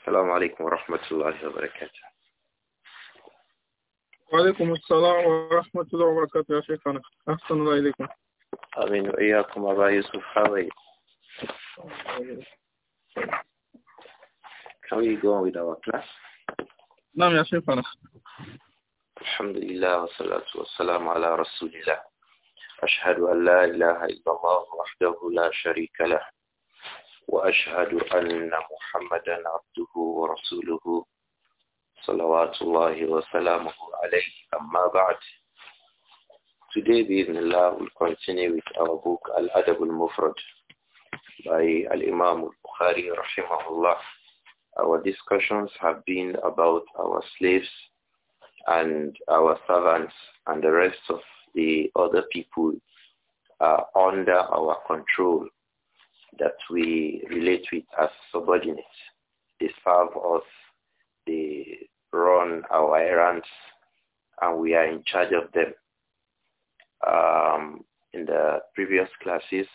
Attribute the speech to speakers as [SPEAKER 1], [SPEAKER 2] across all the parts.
[SPEAKER 1] السلام عليكم ورحمة الله وبركاته
[SPEAKER 2] وعليكم السلام ورحمة الله وبركاته يا شيخنا أحسن الله إليكم
[SPEAKER 1] آمين وإياكم أبا يوسف حاوي How are you going with our class?
[SPEAKER 2] نعم يا شيخنا
[SPEAKER 1] الحمد لله والصلاة والسلام على رسول الله أشهد أن لا إله إلا الله وحده لا شريك له وأشهد أن محمدا عبده ورسوله صلوات الله وسلامه عليه أما بعد Today, بإذن we'll continue with our book Al-Adab al-Mufrad by Al-Imam al-Bukhari rahimahullah. Our discussions have been about our slaves and our servants and the rest of the other people uh, under our control that we relate with as subordinates. They serve us, they run our errands, and we are in charge of them. Um, in the previous classes,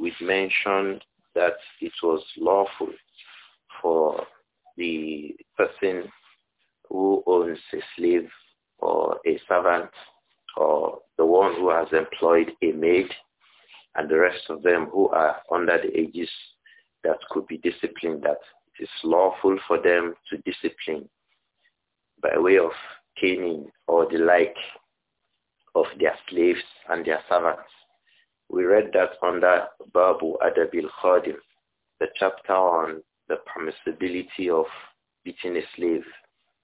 [SPEAKER 1] we mentioned that it was lawful for the person who owns a slave or a servant or the one who has employed a maid and the rest of them who are under the ages that could be disciplined, that it is lawful for them to discipline by way of caning or the like of their slaves and their servants. We read that under Babu Adabil Khadim, the chapter on the permissibility of beating a slave.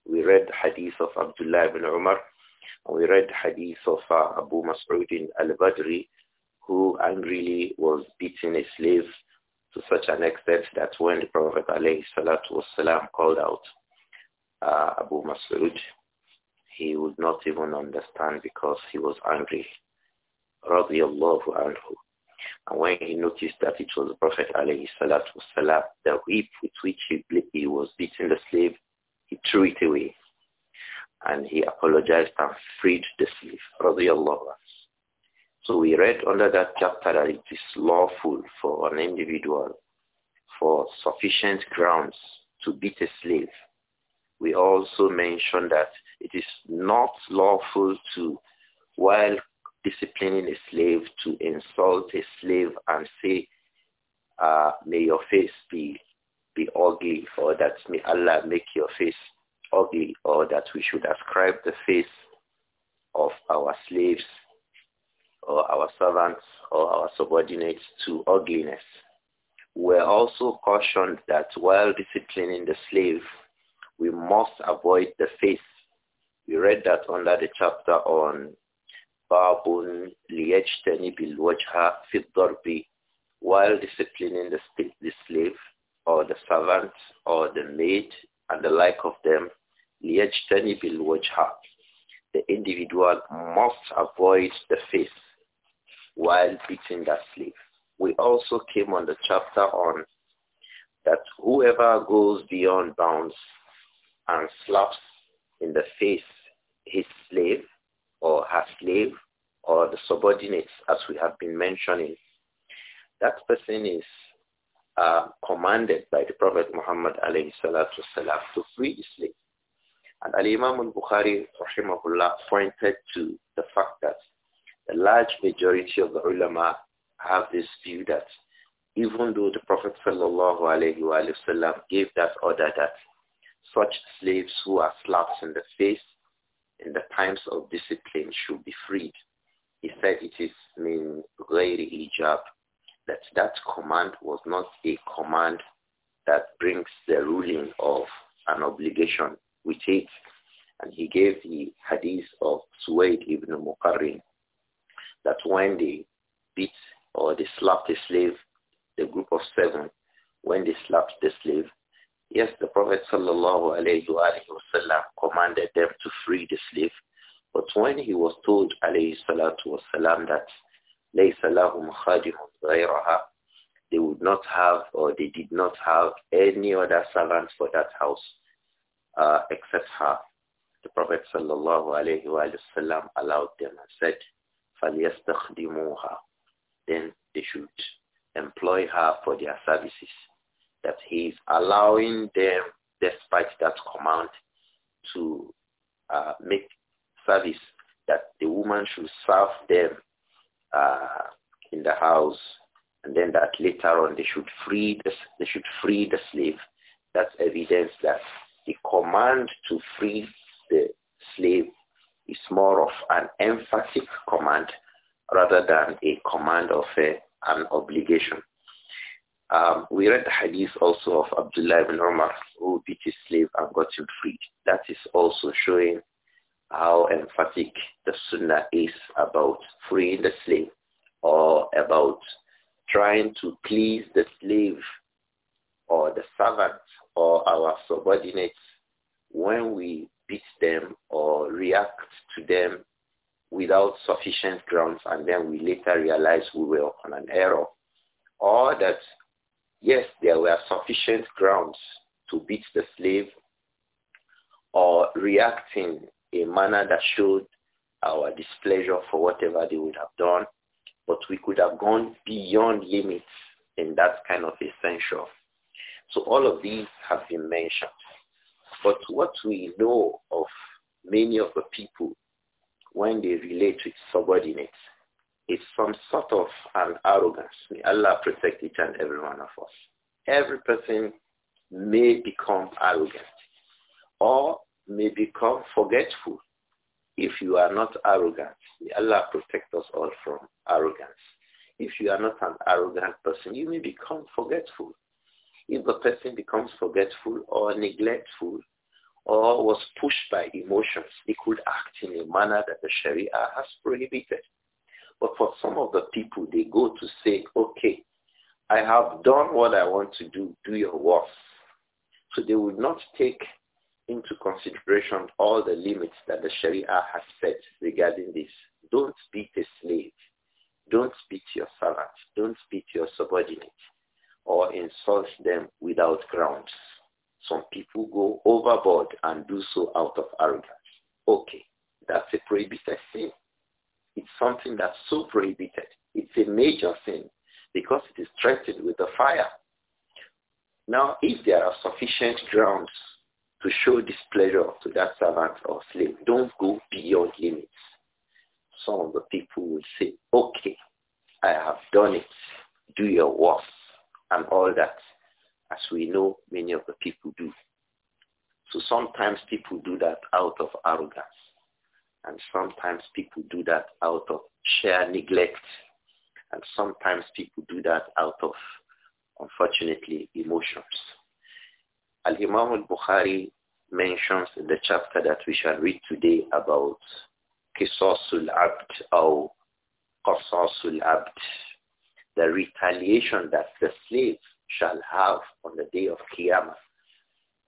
[SPEAKER 1] We read hadith of Abdullah ibn Umar. We read hadith of uh, Abu Mas'ud al-Badri who angrily was beating a slave to such an extent that when the Prophet والسلام, called out uh, Abu Mas'ud, he would not even understand because he was angry. And when he noticed that it was the Prophet والسلام, the whip with which he, he was beating the slave, he threw it away. And he apologized and freed the slave. Radiallahu anhu. So we read under that chapter that it is lawful for an individual for sufficient grounds to beat a slave. We also mentioned that it is not lawful to, while disciplining a slave, to insult a slave and say, uh, may your face be, be ugly, or that may Allah make your face ugly, or that we should ascribe the face of our slaves or our servants or our subordinates to ugliness. We're also cautioned that while disciplining the slave, we must avoid the face. We read that under the chapter on Babun liyajtani bil wajha fi while disciplining the, the slave or the servant or the maid and the like of them, liyajtani bil wajha. The individual must avoid the face while beating that slave. We also came on the chapter on that whoever goes beyond bounds and slaps in the face his slave or her slave or the subordinates as we have been mentioning, that person is uh, commanded by the Prophet Muhammad alayhi salatu to free the slave. And Al-Imam al-Bukhari rahimahullah pointed to the fact that the large majority of the ulama have this view that even though the Prophet ﷺ gave that order that such slaves who are slapped in the face in the times of discipline should be freed. He said it is min ghayri ijab, that that command was not a command that brings the ruling of an obligation with it. And he gave the hadith of Suwaid ibn Muqarrin that when they beat or they slapped the slave, the group of seven, when they slapped the slave, yes, the Prophet sallallahu alayhi wasallam commanded them to free the slave. But when he was told alayhi salatu wasallam that they would not have or they did not have any other servants for that house uh, except her. The Prophet sallallahu alayhi wa allowed them and said, فَلْيَسْتَخْدِمُوهَا Then they should employ her for their services. That he is allowing them, despite that command, to uh, make service that the woman should serve them uh, in the house, and then that later on they should free the, they should free the slave. That's evidence that the command to free the slave is more of an emphatic command rather than a command of a, an obligation. Um, we read the hadith also of Abdullah ibn Umar who beat his slave and got him freed. That is also showing how emphatic the sunnah is about freeing the slave or about trying to please the slave or the servant or our subordinates when we beat them or react to them without sufficient grounds and then we later realize we were on an error. Or that, yes, there were sufficient grounds to beat the slave or reacting in a manner that showed our displeasure for whatever they would have done, but we could have gone beyond limits in that kind of essential. So all of these have been mentioned. But what we know of many of the people when they relate with subordinates is some sort of an arrogance. May Allah protect each and every one of us. Every person may become arrogant or may become forgetful if you are not arrogant. May Allah protect us all from arrogance. If you are not an arrogant person, you may become forgetful. If the person becomes forgetful or neglectful or was pushed by emotions, he could act in a manner that the Sharia has prohibited. But for some of the people, they go to say, okay, I have done what I want to do, do your work. So they will not take into consideration all the limits that the Sharia has set regarding this. Don't beat a slave. Don't beat your servant. Don't beat your subordinate or insult them without grounds. Some people go overboard and do so out of arrogance. Okay, that's a prohibited sin. It's something that's so prohibited. It's a major sin because it is threatened with a fire. Now, if there are sufficient grounds to show displeasure to that servant or slave, don't go beyond limits. Some of the people will say, okay, I have done it. Do your worst and all that, as we know many of the people do. So sometimes people do that out of arrogance, and sometimes people do that out of sheer neglect, and sometimes people do that out of, unfortunately, emotions. Al-Imam al-Bukhari mentions in the chapter that we shall read today about Qisasul Abd or Qasasul Abd the retaliation that the slaves shall have on the day of Qiyamah.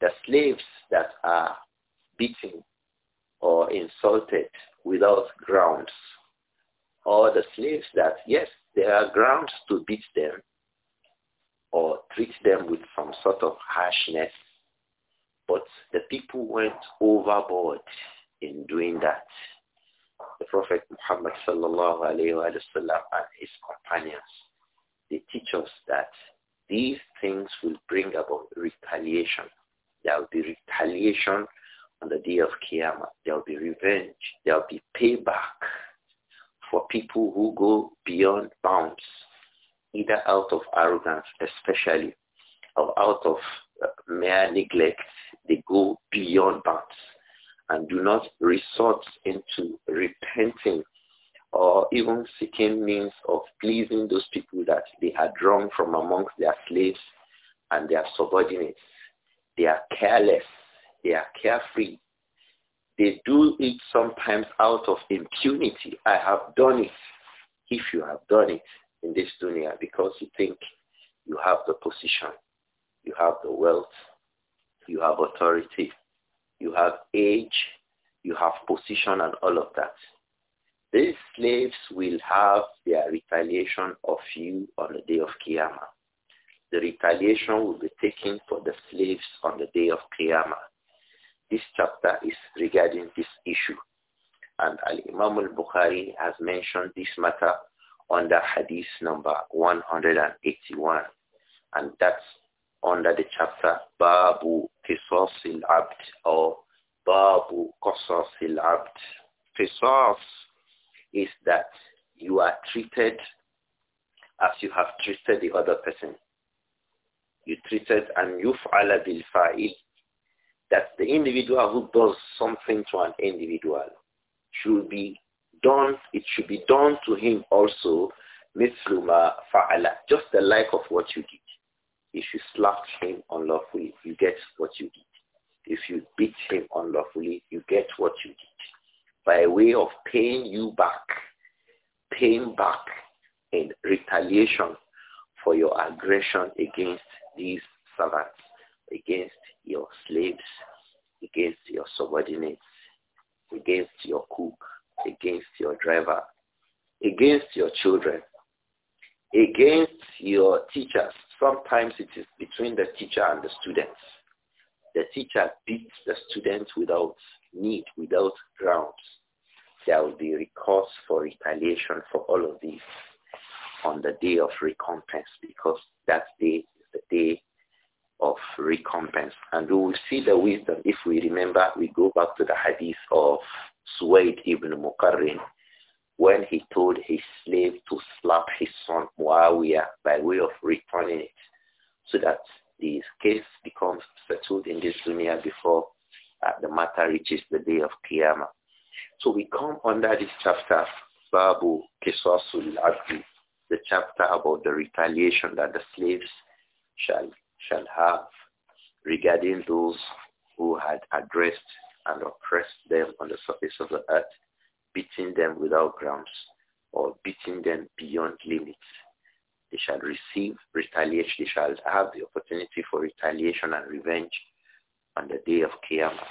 [SPEAKER 1] The slaves that are beaten or insulted without grounds, or the slaves that, yes, there are grounds to beat them or treat them with some sort of harshness, but the people went overboard in doing that. The Prophet Muhammad sallallahu alayhi wa sallam and his companions they teach us that these things will bring about retaliation. There will be retaliation on the day of Qiyamah. There will be revenge. There will be payback for people who go beyond bounds, either out of arrogance especially, or out of uh, mere neglect. They go beyond bounds and do not resort into repenting or even seeking means of pleasing those people that they had drawn from amongst their slaves and their subordinates. They are careless. They are carefree. They do it sometimes out of impunity. I have done it. If you have done it in this dunya because you think you have the position, you have the wealth, you have authority, you have age, you have position and all of that. These slaves will have their retaliation of you on the day of Qiyamah. The retaliation will be taken for the slaves on the day of Qiyamah. This chapter is regarding this issue. And Al-Imam al-Bukhari has mentioned this matter under Hadith number 181. And that's under the chapter Babu Qisas al-Abd or Babu Qasas al-Abd. Qisas is that you are treated as you have treated the other person. You treated and yuf'ala bil fa'il. That the individual who does something to an individual should be done, it should be done to him also misluma fa'ala, just the like of what you did. If you slapped him unlawfully, you get what you did. If you beat him unlawfully, you get what you did by way of paying you back, paying back in retaliation for your aggression against these servants, against your slaves, against your subordinates, against your cook, against your driver, against your children, against your teachers. Sometimes it is between the teacher and the students. The teacher beats the students without need without grounds, there will be recourse for retaliation for all of these on the day of recompense because that day is the day of recompense. And we will see the wisdom if we remember, we go back to the hadith of Suwaid ibn Mukarrin when he told his slave to slap his son Muawiyah by way of returning it so that the case becomes settled in this dunya before uh, the matter reaches the day of Qiyamah. So we come under this chapter, Babu Kesosul Abdi, the chapter about the retaliation that the slaves shall, shall have regarding those who had addressed and oppressed them on the surface of the earth, beating them without grounds or beating them beyond limits. They shall receive retaliation. They shall have the opportunity for retaliation and revenge on the day of Qiyamah.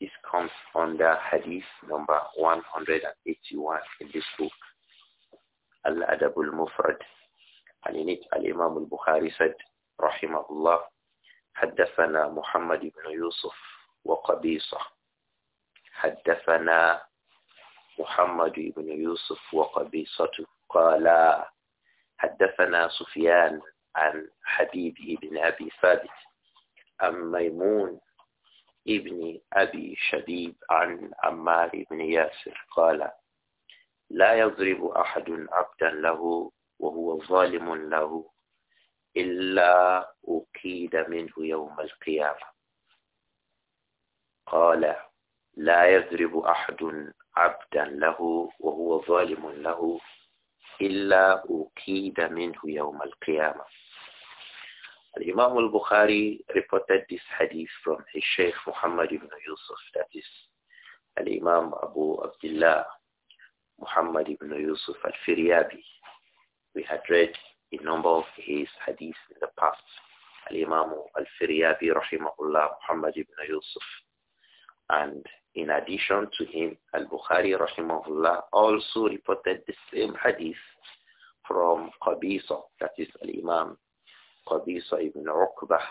[SPEAKER 1] This comes under Hadith number 181 in this book, Al-Adab al-Mufrad. And in it, Al-Imam al-Bukhari said, "Rahimahullah." حدثنا محمد بن يوسف وقبيصة حدثنا محمد بن يوسف وقبيصة قال حدثنا سفيان عن حبيب بن أبي ثابت عن ميمون ابن أبي شديد عن عمار بن ياسر قال لا يضرب أحد عبدا له وهو ظالم له إلا أكيد منه يوم القيامة قال لا يضرب أحد عبدا له وهو ظالم له إلا أكيد منه يوم القيامة Imam al-Bukhari reported this hadith from his Sheikh Muhammad ibn Yusuf, that is Al-Imam Abu Abdullah Muhammad ibn Yusuf al-Firyabi. We had read a number of his hadiths in the past. Al-Imam al-Firyabi rahimahullah Muhammad ibn Yusuf. And in addition to him, al-Bukhari rahimahullah also reported the same hadith from Qabisa, that is Al-Imam Qabisa ibn Uqbah,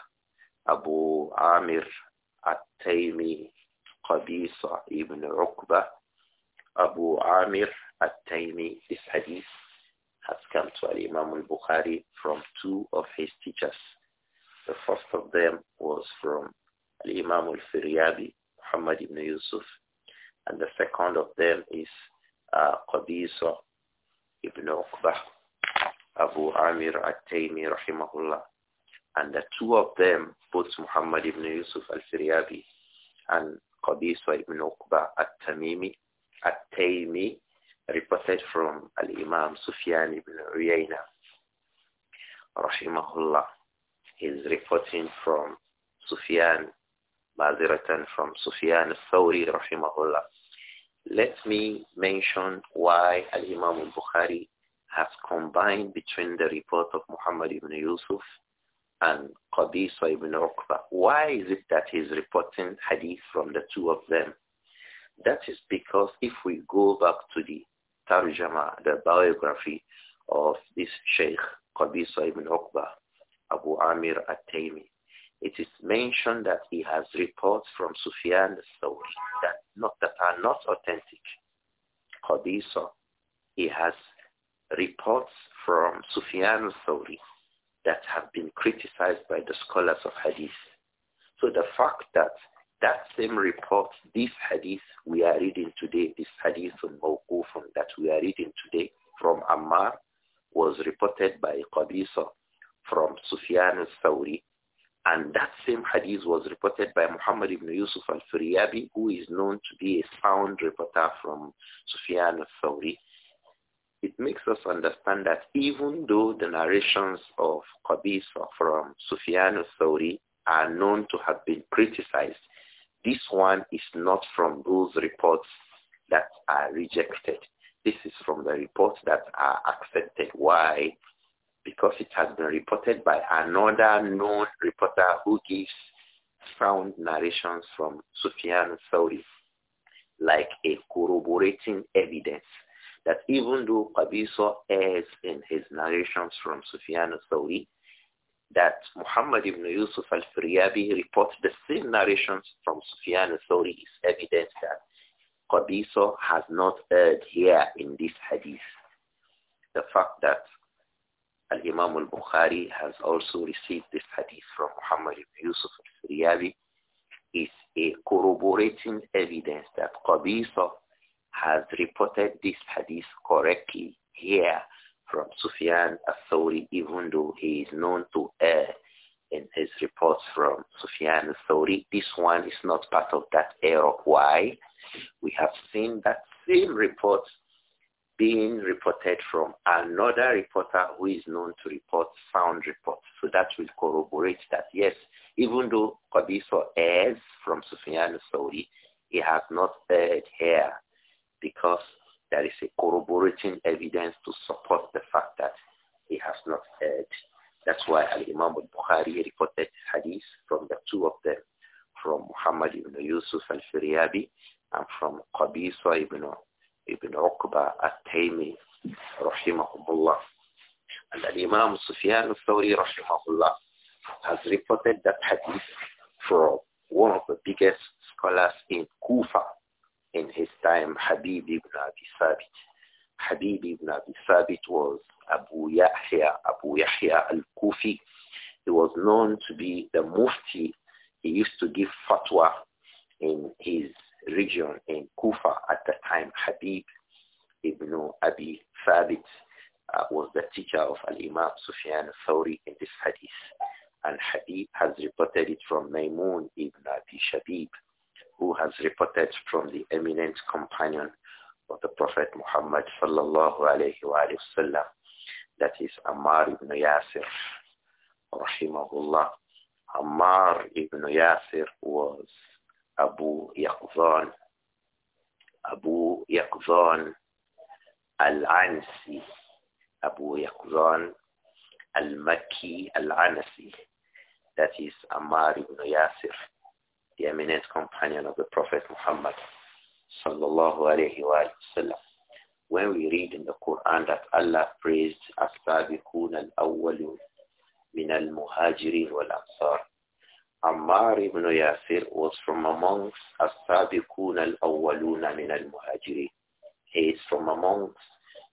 [SPEAKER 1] Abu Amir At-Taymi, Qabisa ibn Uqbah, Abu Amir At-Taymi. This hadith has come to Imam al-Bukhari from two of his teachers. The first of them was from Imam al-Firyabi, Muhammad ibn Yusuf, and the second of them is uh, Qabisa ibn Abu Amir At-Taymi rahimahullah. And the two of them, both Muhammad ibn Yusuf al-Firyabi and Qadiswa ibn Uqba At-Tamimi, At-Taymi, reported from Al-Imam Sufyan ibn Uyayna rahimahullah. He's reporting from Sufyan, Maziratan from Sufyan al-Thawri rahimahullah. Let me mention why Al-Imam al-Bukhari has combined between the report of Muhammad ibn Yusuf and Qadisa ibn Uqba. Why is it that he's reporting hadith from the two of them? That is because if we go back to the tarjama, the biography of this Sheikh Qadisa ibn Uqba, Abu Amir at-Taymi, it is mentioned that he has reports from Sufyan al-Thawri that, that are not authentic. Qadisa, he has reports from Sufyan al-Thawri that have been criticized by the scholars of hadith. So the fact that that same report, this hadith we are reading today, this hadith on Mawqufun that we are reading today from Ammar was reported by Qabisa from Sufyan al-Thawri. And that same hadith was reported by Muhammad ibn Yusuf al-Firyabi, who is known to be a sound reporter from Sufyan al-Thawri it makes us understand that even though the narrations of Qabis from Sufyan story are known to have been criticized, this one is not from those reports that are rejected. This is from the reports that are accepted. Why? Because it has been reported by another known reporter who gives found narrations from Sufyan story like a corroborating evidence that even though Qabisa errs in his narrations from Sufyan al-Thawri, that Muhammad ibn Yusuf al-Firyabi reports the same narrations from Sufyan al-Thawri is evidence that Qabisa has not erred here in this hadith. The fact that Al-Imam al-Bukhari has also received this hadith from Muhammad ibn Yusuf al-Firyabi is a corroborating evidence that Qabisa has reported this hadith correctly here from Sufyan al-Thawri, even though he is known to err in his reports from Sufyan al-Thawri. This one is not part of that error. Why? We have seen that same report being reported from another reporter who is known to report sound reports. So that will corroborate that, yes, even though Qabiso errs from Sufyan al-Thawri, he has not erred here because there is a corroborating evidence to support the fact that he has not heard. That's why Al-Imam al-Bukhari reported hadith from the two of them, from Muhammad ibn Yusuf al-Firyabi and from Qabisa ibn, ibn Uqba al-Taymi, rahimahullah. And Al-Imam Sufyan al-Thawri, rahimahullah, has reported that hadith from one of the biggest scholars in Kufa, in his time Habib ibn Abi Thabit. Habib ibn Abi Thabit was Abu Yahya, Abu Yahya al-Kufi. He was known to be the mufti. He used to give fatwa in his region in Kufa at the time. Habib ibn Abi Thabit uh, was the teacher of Al-Imam Sufyan Thawri in this hadith. And Habib has reported it from Maimun ibn Abi Shabib who has reported from the eminent companion of the Prophet Muhammad sallallahu alayhi wa sallam, that is Ammar ibn Yasir, rahimahullah. Ammar ibn Yasir was Abu Yaqzan, Abu Yaqzan al-Ansi, Abu Yaqzan al-Makki al-Ansi, that is Ammar ibn Yasir the eminent companion of the Prophet Muhammad sallallahu alayhi wa sallam. When we read in the Quran that Allah praised as al-awwalun min al-muhajirin wal-ansar, Ammar ibn Yasir was from amongst as al-awwalun min al-muhajirin. He is from amongst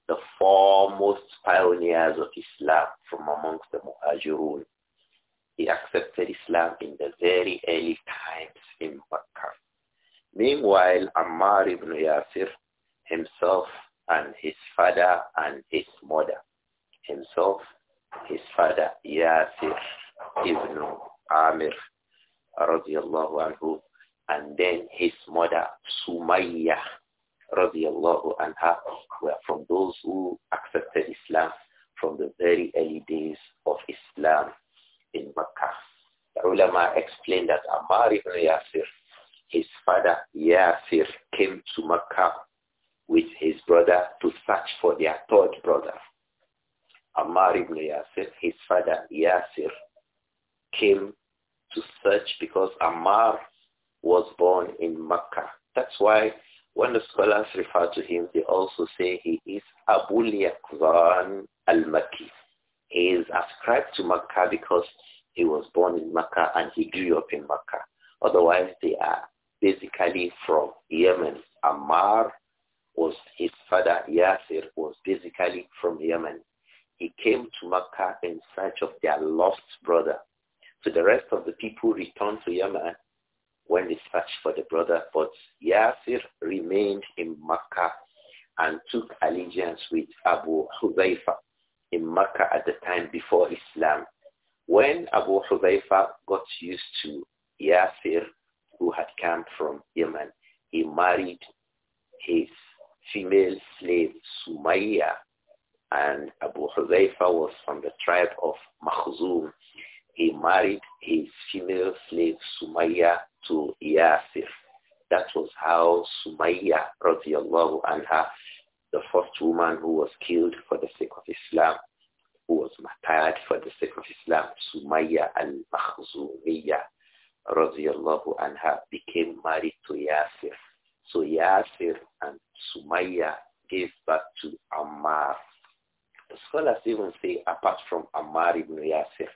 [SPEAKER 1] the foremost pioneers of Islam, from amongst the muhajirun he accepted Islam in the very early times in Makkah. Meanwhile, Ammar ibn Yasir himself and his father and his mother, himself, his father, Yasir ibn Amir, radiallahu anhu, and then his mother, Sumayya, radiallahu anha, were from those who accepted Islam from the very early days of Islam in Makkah. The ulama explained that Ammar ibn Yasir, his father Yasir, came to Makkah with his brother to search for their third brother. Ammar ibn Yasir, his father Yasir, came to search because Ammar was born in Makkah. That's why when the scholars refer to him, they also say he is Abu Yaqzan al-Makki. He is ascribed to Makkah because he was born in Makkah and he grew up in Makkah. Otherwise, they are basically from Yemen. Ammar was his father, Yasir, was basically from Yemen. He came to Makkah in search of their lost brother. So the rest of the people returned to Yemen when they searched for the brother, but Yasir remained in Makkah and took allegiance with Abu Hudayfa in Makkah at the time before Islam. When Abu Hudayfa got used to Yasir, who had come from Yemen, he married his female slave Sumaya, and Abu Hudayfa was from the tribe of Makhzum. He married his female slave Sumaya to Yasir. That was how Sumaya, radiallahu anha, the first woman who was killed for the sake of Islam, who was martyred for the sake of Islam, Sumaya al-Makhzumiyya radiallahu anha became married to Yasir. So Yasir and Sumaya gave birth to Ammar. The scholars even say apart from Ammar ibn Yasir,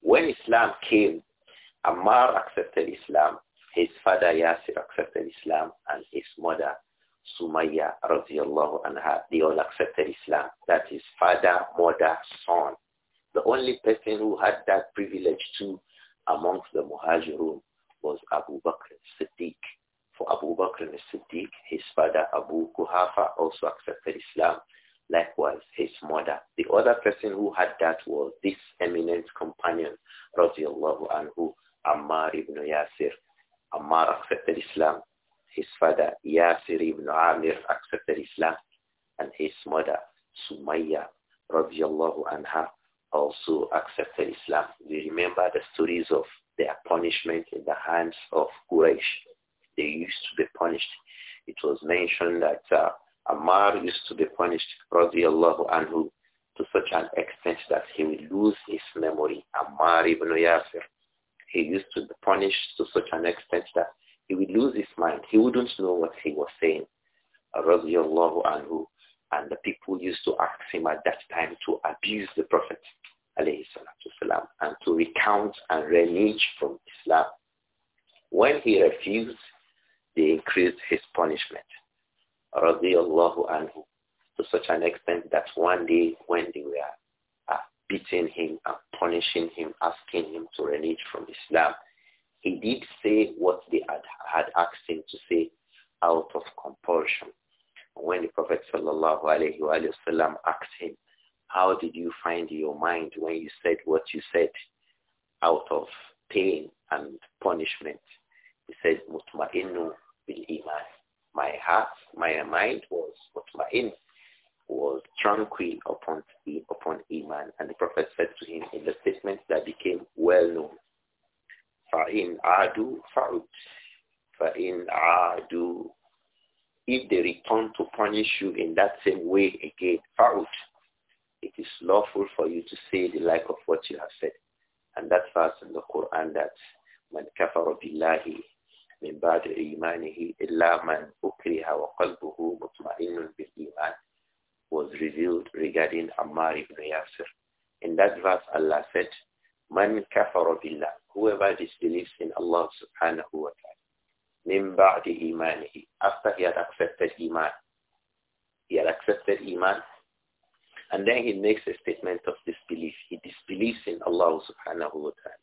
[SPEAKER 1] when Islam came, Ammar accepted Islam, his father Yasir accepted Islam, and his mother Sumaya radiallahu anha, they all accepted Islam. That is father, mother, son. The only person who had that privilege too amongst the Muhajirun was Abu Bakr Siddiq. For Abu Bakr Siddiq, his father Abu Kuhafa also accepted Islam. Likewise, his mother. The other person who had that was this eminent companion, radiallahu anhu, Ammar ibn Yasir. Ammar accepted Islam his father Yasir ibn Amir accepted Islam and his mother Sumayya radiallahu anha also accepted Islam. We remember the stories of their punishment in the hands of Quraysh. They used to be punished. It was mentioned that uh, Ammar used to be punished radiallahu anhu to such an extent that he would lose his memory. Ammar ibn Yasir. He used to be punished to such an extent that he would lose his mind. He wouldn't know what he was saying. and who And the people used to ask him at that time to abuse the Prophet والسلام, and to recount and renege from Islam. When he refused, they increased his punishment. Radiallahu anhu. To such an extent that one day when they were uh, beating him and punishing him, asking him to renege from Islam, he did say what they had had asked him to say out of compulsion. When the Prophet sallallahu asked him, how did you find your mind when you said what you said out of pain and punishment? He said, mutma'innu bil iman. My heart, my mind was mutma'in, was tranquil upon, upon iman. And the Prophet said to him in the statement that became well known, فَإِنْ adu faud." In Adu, uh, If they return to punish you in that same way again, out. It is lawful for you to say the like of what you have said. And that verse in the Quran that من كفر بالله من بعد إيمانه إلا من أكره وقلبه مطمئن بالإيمان was revealed regarding Ammar ibn Yasir. In that verse, Allah said, Man kafara billah, whoever disbelieves in Allah subhanahu wa ta'ala min ba'di imanihi. After he had accepted iman. He had accepted iman. And then he makes a statement of disbelief. He disbelieves in Allah subhanahu wa ta'ala.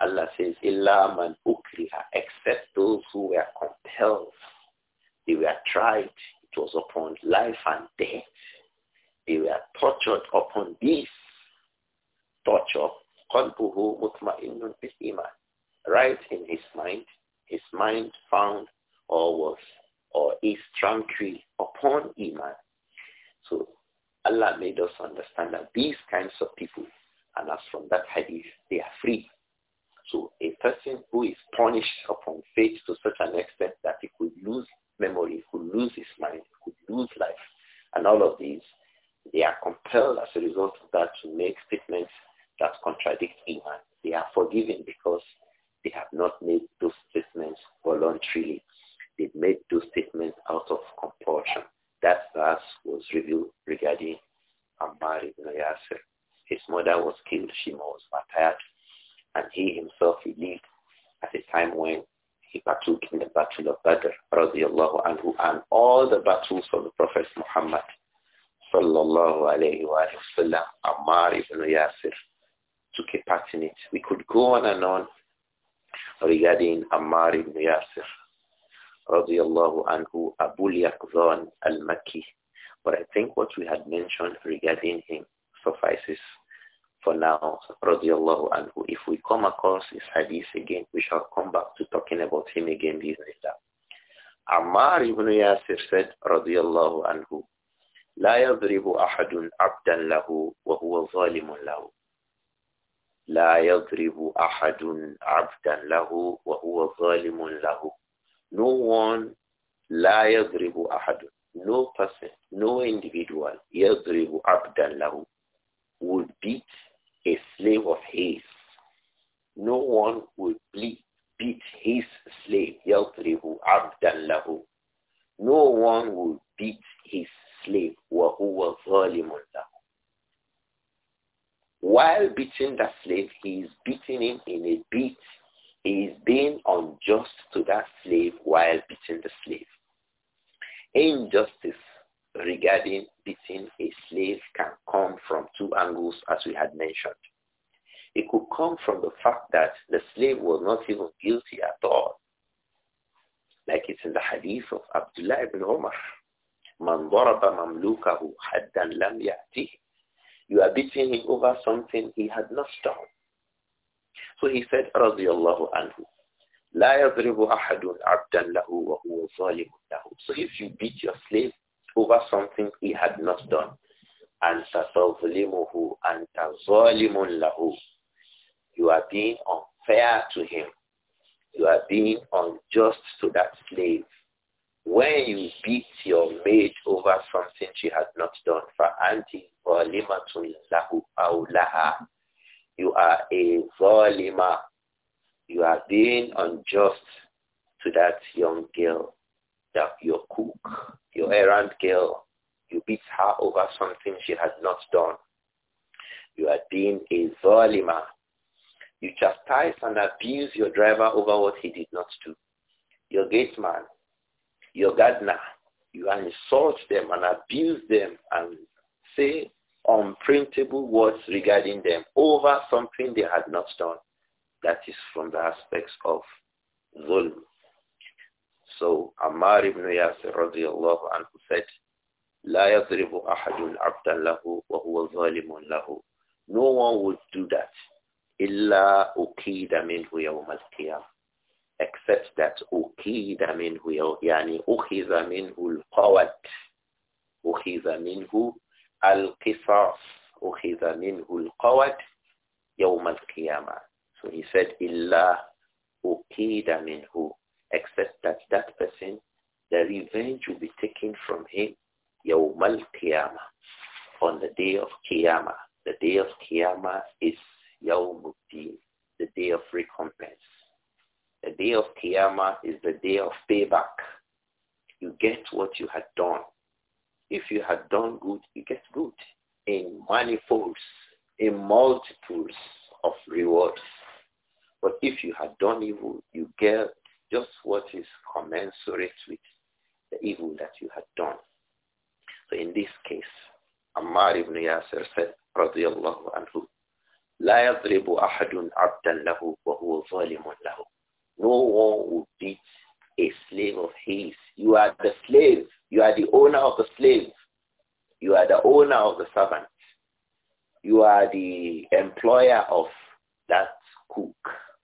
[SPEAKER 1] Allah says, Illa man ukriha, except those who were compelled. They were tried. It was upon life and death. They were tortured upon this torture. قلبه مطمئن بالإيمان. Right in his mind, his mind found or was or is tranquil upon Iman. So Allah made us understand that these kinds of people, and as from that hadith, they are free. So a person who is punished upon faith to such an extent that he could lose memory, could lose his mind, could lose life, and all of these, they are compelled as a result of that to make statements that contradict Iman. They are forgiven because they have not made those freely. ibn Yasir said, radiyallahu anhu, لا يضرب أحد عبدا له وهو ظالم له لا يضرب أحد عبدا له وهو ظالم له No one لا يضرب أحد No person, no individual يضرب عبدا له would beat a slave of his. No one would beat, his slave يضرب عبدا له no one will beat his slave وَهُوَ ظَالِمٌ لَهُ While beating the slave, he is beating him in a beat. He is being unjust to that slave while beating the slave. Injustice regarding beating a slave can come from two angles as we had mentioned. It could come from the fact that the slave was not even guilty at all. لكن في الحديث عبد الله بن عمر من ضرب مملوكه حدا لم haddan You are beating him over something he had not done. So he said, رضي الله عنه, لا يضرب أحد عبدا له وهو ظالم له. So if you beat your slave over something he had not done, and تظلمه أنت ظالم له. You are being unfair to him. you are being unjust to that slave. When you beat your maid over something she had not done, for auntie or lahu aulaha, you are a zalima. You are being unjust to that young girl, that your cook, your errand girl. You beat her over something she had not done. You are being a zalima. You chastise and abuse your driver over what he did not do. Your gateman, your gardener, you insult them and abuse them and say unprintable words regarding them over something they had not done. That is from the aspects of zulm. So Ammar ibn Yasir radiallahu anhu said, لا يضرب أحد عبدا له وهو ظالم له. No one would do that. إِلَّا أُكِيدَ مِنْهُ يَوْمَ الْقِيَامَةِ Except that أُكِيدَ مِنْهُ يعني أُخِذَ مِنْهُ الْقَوَدْ أُخِذَ مِنْهُ الْقِصَاص أُخِذَ مِنْهُ الْقَوَدْ يَوْمَ الْقِيَامَةِ So he said Illa أُكِيدَ مِنْهُ Except that that person, the revenge will be taken from him يَوْمَ الْقِيَامَةِ On the day of Qiyamah. The day of Qiyamah is Yawmuddin, the day of recompense. The day of Kiyama is the day of payback. You get what you had done. If you had done good, you get good in manifolds, in multiples of rewards. But if you had done evil, you get just what is commensurate with the evil that you had done. So in this case, Ammar ibn Yasir said, رضي الله عنه, no one will beat a slave of his. You are the slave. You are the owner of the slave. You are the owner of the servant. You are the employer of that cook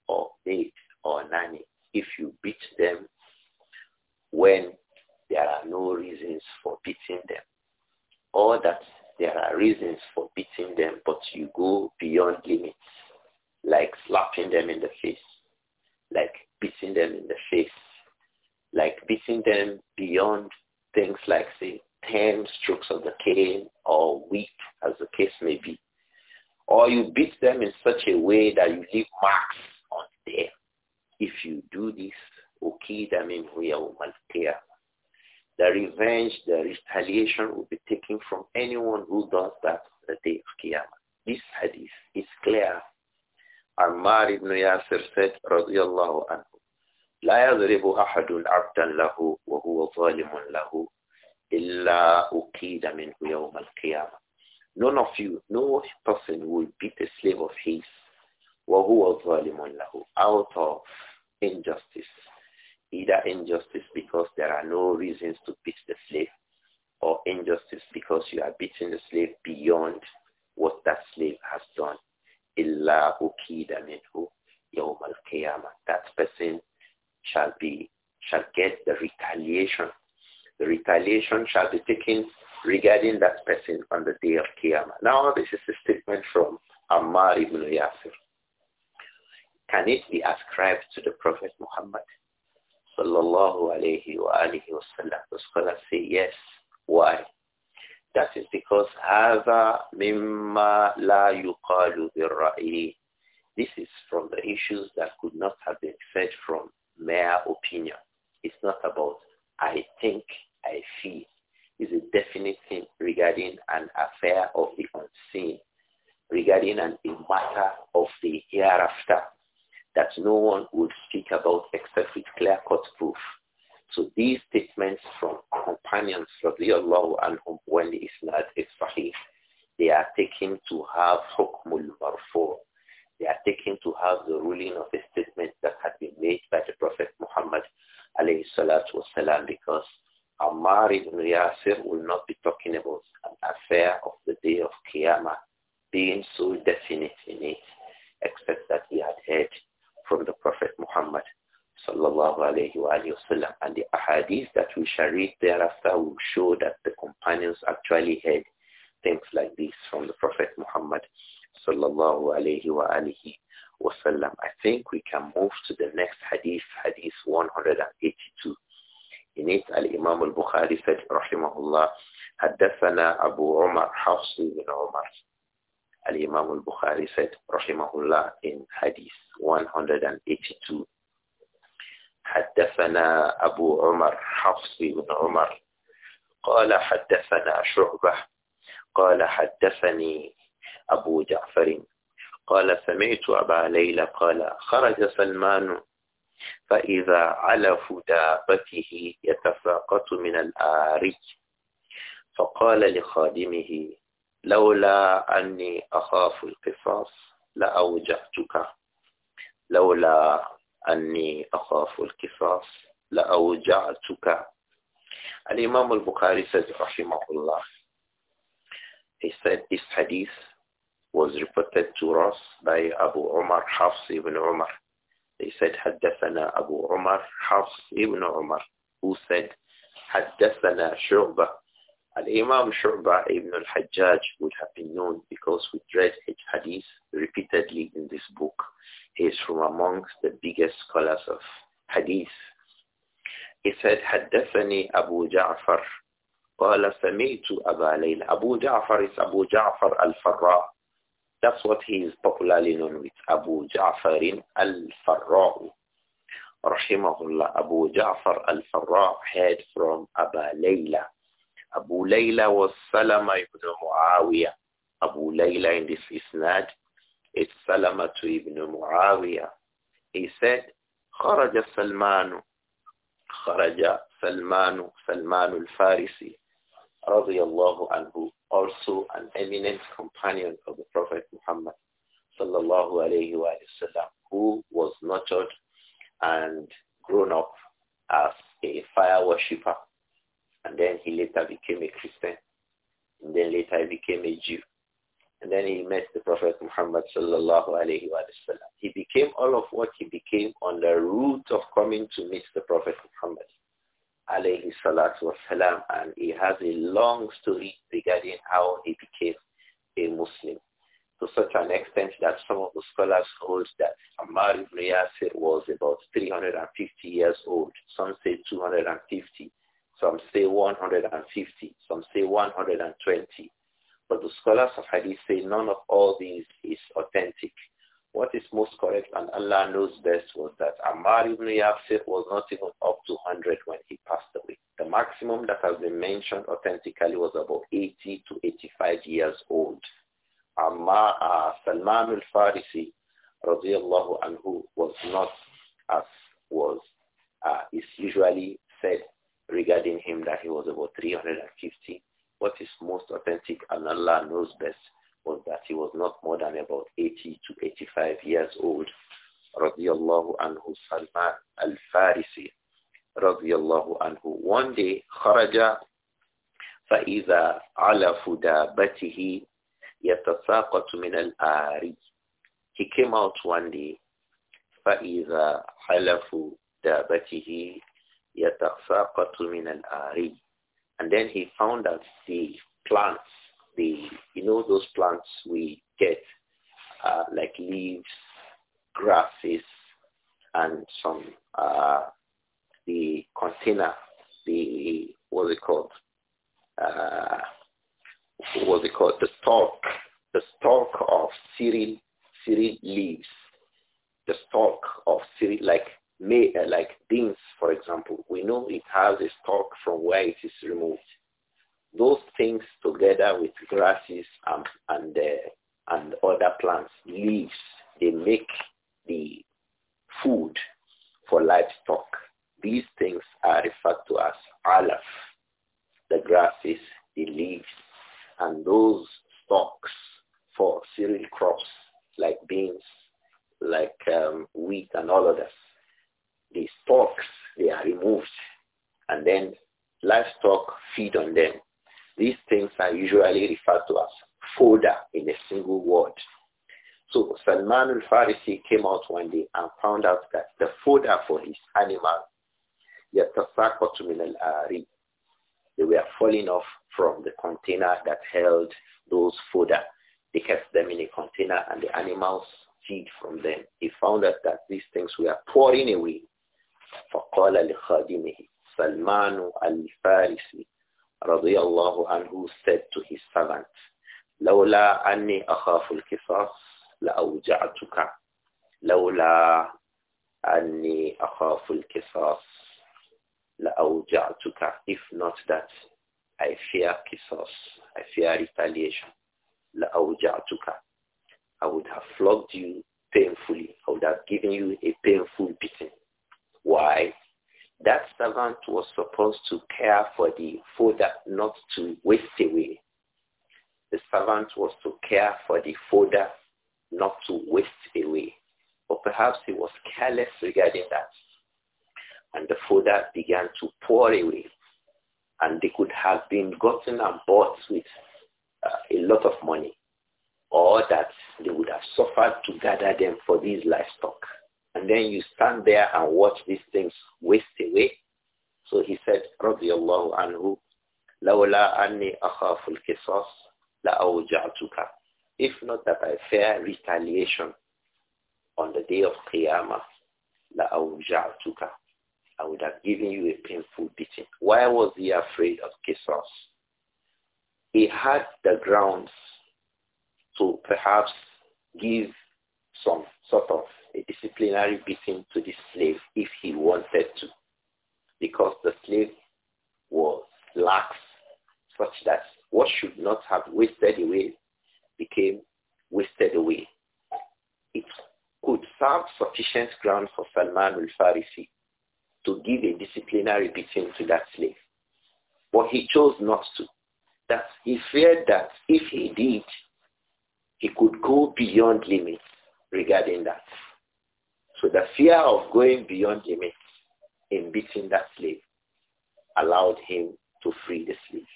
[SPEAKER 1] or maid or nanny. If you beat them when there are no reasons for beating them. All that there are reasons for beating them, but you go beyond limits, like slapping them in the face, like beating them in the face, like beating them beyond things like, say, 10 strokes of the cane or whip, as the case may be. Or you beat them in such a way that you leave marks on them. If you do this, okay, أكيد منه يوم القيامة the revenge, the retaliation will be taken from anyone who does that the day of Qiyamah. This hadith is clear. Ammar ibn Yasir said, radiyallahu anhu, لا يضرب أحد عبدا له وهو ظالم له إلا أكيد منه يوم القيامة. None of you, no person will beat a slave of his وهو ظالم له out of injustice either injustice because there are no reasons to beat the slave or injustice because you are beating the slave beyond what that slave has done. Illa That person shall be, shall get the retaliation. The retaliation shall be taken regarding that person on the day of Qiyamah. Now this is a statement from Ammar ibn Yasir. Can it be ascribed to the Prophet Muhammad sallallahu alayhi wa alihi wasallam. The scholars say yes. Why? That is because هذا مما لا يقال بالرأي. This is from the issues that could not have been said from mere opinion. It's not about I think, I feel. It's a definite thing regarding an affair of the unseen, regarding an, a matter of the hereafter that no one would speak about except with clear-cut proof. So these statements from companions of Allah and when not is sahih, they are taken to have hukmul marfu. They are taken to have the ruling of a statement that had been made by the Prophet Muhammad alayhi salatu wasalam because Ammar ibn Yasir will not be talking about an affair of the day of Qiyamah being so definite in it, except that he had heard from the Prophet Muhammad sallallahu alayhi wa sallam. And the ahadith that we shall read thereafter will show that the companions actually heard things like this from the Prophet Muhammad sallallahu alayhi wa alihi wasallam. I think we can move to the next hadith, hadith 182. In it, Al-Imam al-Bukhari said, rahimahullah, حدثنا أبو عمر حفص بن عمر Al-Imam al-Bukhari said, rahimahullah, in Hadith 182, حدثنا أبو عمر حفص بن عمر قال حدثنا شعبة قال حدثني أبو جعفر قال سمعت أبا ليلى قال خرج سلمان فإذا علف دابته يتساقط من الآرج فقال لخادمه لولا أني أخاف القصاص لأوجعتك لولا أني أخاف القصاص لأوجعتك الإمام البخاري says رحمه الله he said this hadith was reported to us by Abu Umar Hafs ibn Umar he said حدثنا أبو عمر حفص ibn Umar who said حدثنا شعبة Al-Imam Shu'bah ibn al-Hajjaj would have been known because we read his hadith repeatedly in this book. He is from amongst the biggest scholars of hadith. He said, حدثني Abu Ja'far." قال سمعت أبا ليلى أبو جعفر is Abu Ja'far al-Farra. That's what he is popularly known with, Abu Ja'far al-Farra. Rahimahullah, Abu Ja'far al-Farra heard from Aba Layla. Abu Layla was Salama ibn Muawiyah. Abu Layla in this isnad is Salama to ibn Muawiyah. He said, خرج سلمان خرج سلمان سلمان الفارسي رضي الله عنه also an eminent companion of the Prophet Muhammad صلى الله عليه وسلم, who was nurtured and grown up as a fire worshipper and then he later became a Christian. And then later he became a Jew. And then he met the Prophet Muhammad sallallahu alaihi wasallam. He became all of what he became on the route of coming to meet the Prophet Muhammad alayhi salatu wa And he has a long story regarding how he became a Muslim to such an extent that some of the scholars hold that Ammar ibn Yasir was about 350 years old. Some say 250. Some say 150, some say 120. But the scholars of hadith say none of all these is authentic. What is most correct and Allah knows best was that Ammar ibn Yasir was not even up to 100 when he passed away. The maximum that has been mentioned authentically was about 80 to 85 years old. Ammar uh, Salman al-Farisi radiallahu anhu was not as was uh, is usually he was about 350. What is most authentic and Allah knows best was that he was not more than about 80 to 85 years old. Radiallahu anhu Salman al-Farisi. Radiallahu anhu. One day, خرج فإذا علف دابته يتساقط من الآري. He came out one day. فإذا حلف دابته يَتَسَاقَطُ مِنَ الْآرِي And then he found that the plants, the, you know those plants we get, uh, like leaves, grasses, and some, uh, the container, the, what's it called? Uh, what's it called? The stalk, the stalk of cereal, cereal leaves the stalk of cereal, like May, uh, like beans, for example, we know it has a stalk from where it is removed. Those things together with grasses and, and, uh, and other plants, leaves, they make the food for livestock. These things are referred to as alf. the grasses, the leaves, and those stalks for cereal crops like beans, like um, wheat and all others the stalks, they are removed. And then livestock feed on them. These things are usually referred to as fodder in a single word. So Salman al-Farisi came out one day and found out that the fodder for his animal, al-ari, they were falling off from the container that held those fodder. They kept them in a container and the animals feed from them. He found out that these things were pouring away فقال لخادمه سلمان الفارسي رضي الله عنه said to his servant لولا أني أخاف القصاص لأوجعتك لولا أني أخاف القصاص لأوجعتك if not that I fear قصاص I fear retaliation لأوجعتك I would have flogged you painfully I would have given you a painful beating why? That servant was supposed to care for the fodder, not to waste away. The servant was to care for the fodder, not to waste away. Or perhaps he was careless regarding that. And the fodder began to pour away. And they could have been gotten and bought with uh, a lot of money. Or that they would have suffered to gather them for these livestock. And then you stand there and watch these things waste away. So he said, رضي الله عنه لولا أني أخاف القصاص لأوجعتك If not that I fear retaliation on the day of Qiyamah, لأوجعتك I would have given you a painful beating. Why was he afraid of Qisas? He had the grounds to perhaps give some sort of a disciplinary beating to the slave if he wanted to, because the slave was lax such that what should not have wasted away became wasted away. It could serve sufficient ground for Salman al-Farisi to give a disciplinary beating to that slave. But he chose not to. That he feared that if he did, he could go beyond limits regarding that. So the fear of going beyond limits in beating that slave allowed him to free the slave.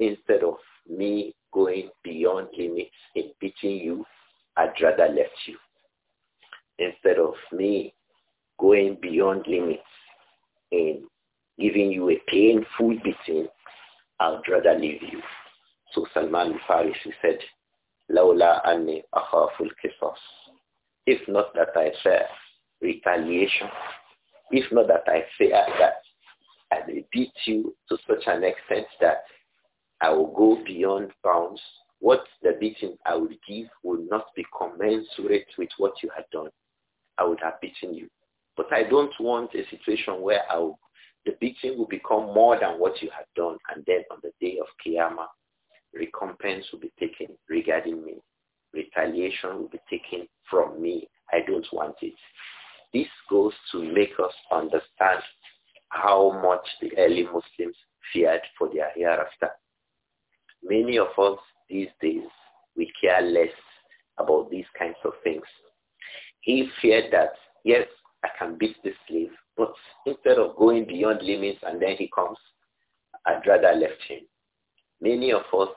[SPEAKER 1] Instead of me going beyond limits in beating you, I'd rather let you. Instead of me going beyond limits in giving you a painful beating, I'd rather leave you. So Salman al-Farisi said, لولا أني أخاف القصاص. If not that I fear retaliation. If not that I say I, that I may beat you to such an extent that I will go beyond bounds, what the beating I would give will not be commensurate with what you had done. I would have beaten you. But I don't want a situation where will, the beating will become more than what you had done. And then on the day of Qiyamah, recompense will be taken regarding me. Retaliation will make us understand how much the early Muslims feared for their hereafter. Many of us these days, we care less about these kinds of things. He feared that, yes, I can beat the slave, but instead of going beyond limits and then he comes, I'd rather left him. Many of us